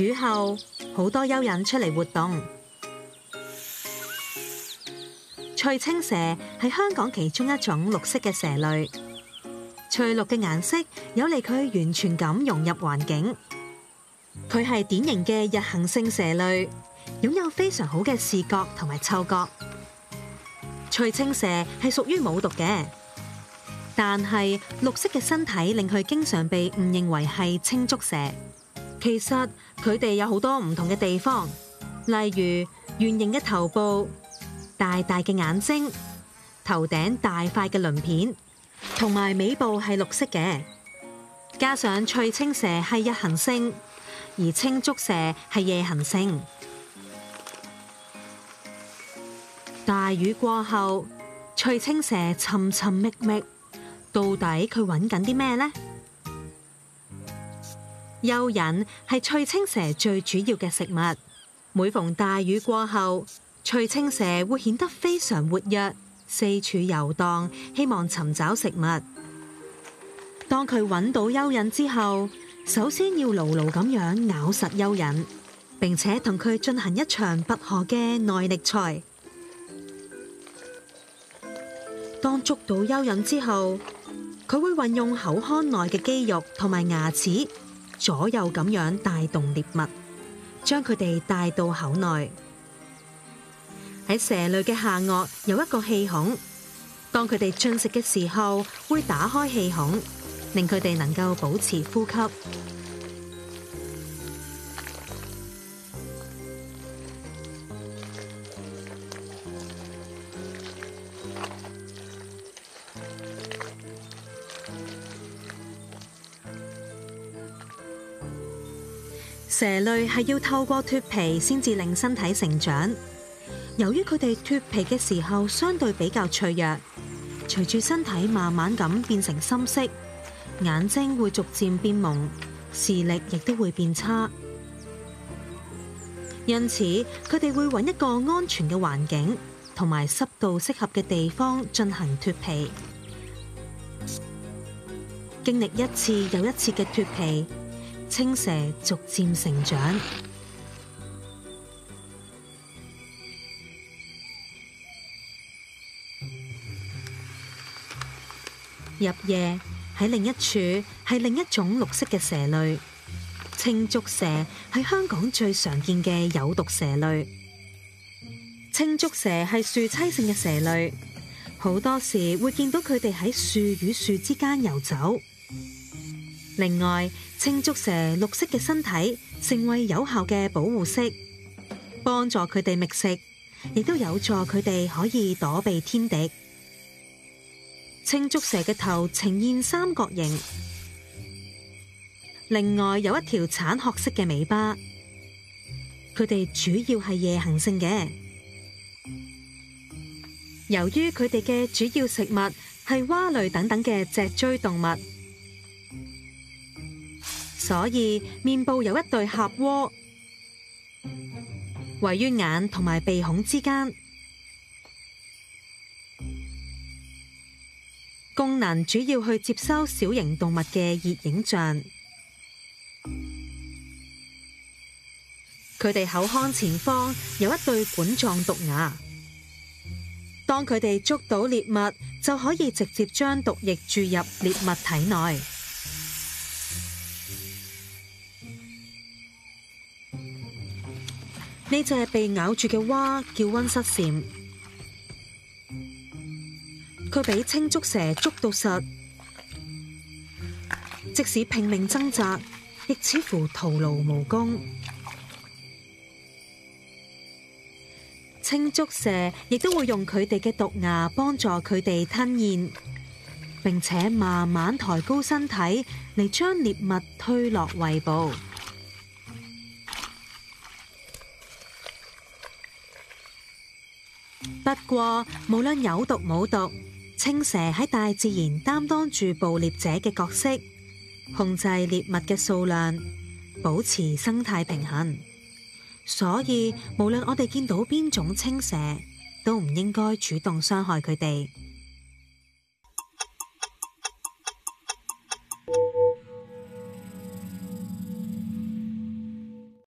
雨後好多蚯蚓出嚟活動。翠青蛇係香港其中一種綠色嘅蛇類，翠綠嘅顏色有利佢完全咁融入環境。佢係典型嘅日行性蛇類，擁有非常好嘅視覺同埋嗅覺。翠青蛇係屬於冇毒嘅，但係綠色嘅身體令佢經常被誤認為係青竹蛇。其實佢哋有好多唔同嘅地方，例如圓形嘅頭部、大大嘅眼睛、頭頂大塊嘅鱗片，同埋尾部係綠色嘅。加上翠青蛇係日行性，而青竹蛇係夜行性。大雨過後，翠青蛇尋尋覓覓，到底佢揾緊啲咩呢？蚯蚓係翠青蛇最主要嘅食物。每逢大雨過後，翠青蛇會顯得非常活躍，四處遊蕩，希望尋找食物。當佢揾到蚯蚓之後，首先要牢牢咁樣咬實蚯蚓，並且同佢進行一場拔河嘅耐力賽。當捉到蚯蚓之後，佢會運用口腔內嘅肌肉同埋牙齒。左右咁樣帶動獵物，將佢哋帶到口內。喺蛇類嘅下顎有一個氣孔，當佢哋進食嘅時候會打開氣孔，令佢哋能夠保持呼吸。蛇類係要透過脫皮先至令身體成長。由於佢哋脫皮嘅時候相對比較脆弱，隨住身體慢慢咁變成深色，眼睛會逐漸變蒙，視力亦都會變差。因此，佢哋會揾一個安全嘅環境，同埋濕度適合嘅地方進行脫皮。經歷一次又一次嘅脫皮。青蛇逐漸成長。入夜，喺另一處係另一種綠色嘅蛇類，青竹蛇係香港最常見嘅有毒蛇類。青竹蛇係樹棲性嘅蛇類，好多時會見到佢哋喺樹與樹之間游走。另外，青竹蛇綠色嘅身體成為有效嘅保護色，幫助佢哋覓食，亦都有助佢哋可以躲避天敵。青竹蛇嘅頭呈現三角形，另外有一條橙褐色嘅尾巴。佢哋主要係夜行性嘅，由於佢哋嘅主要食物係蛙類等等嘅脊椎動物，所以面部有一對頰窩，位於眼同埋鼻孔之間，功能主要去接收小型動物嘅熱影像。佢哋口腔前方有一對管狀毒牙，當佢哋捉到獵物，就可以直接將毒液注入獵物體內。呢隻被咬住嘅蛙叫溫室蟬，佢俾青竹蛇捉到實，即使拼命掙扎，亦似乎徒勞無功。青竹蛇亦都會用佢哋嘅毒牙幫助佢哋吞嚥，並且慢慢抬高身體嚟將獵物推落胃部。不過，無論有毒冇毒，青蛇喺大自然擔當住捕獵者嘅角色，控制獵物嘅數量，保持生態平衡。所以，無論我哋見到邊種青蛇，都唔應該主動傷害佢哋。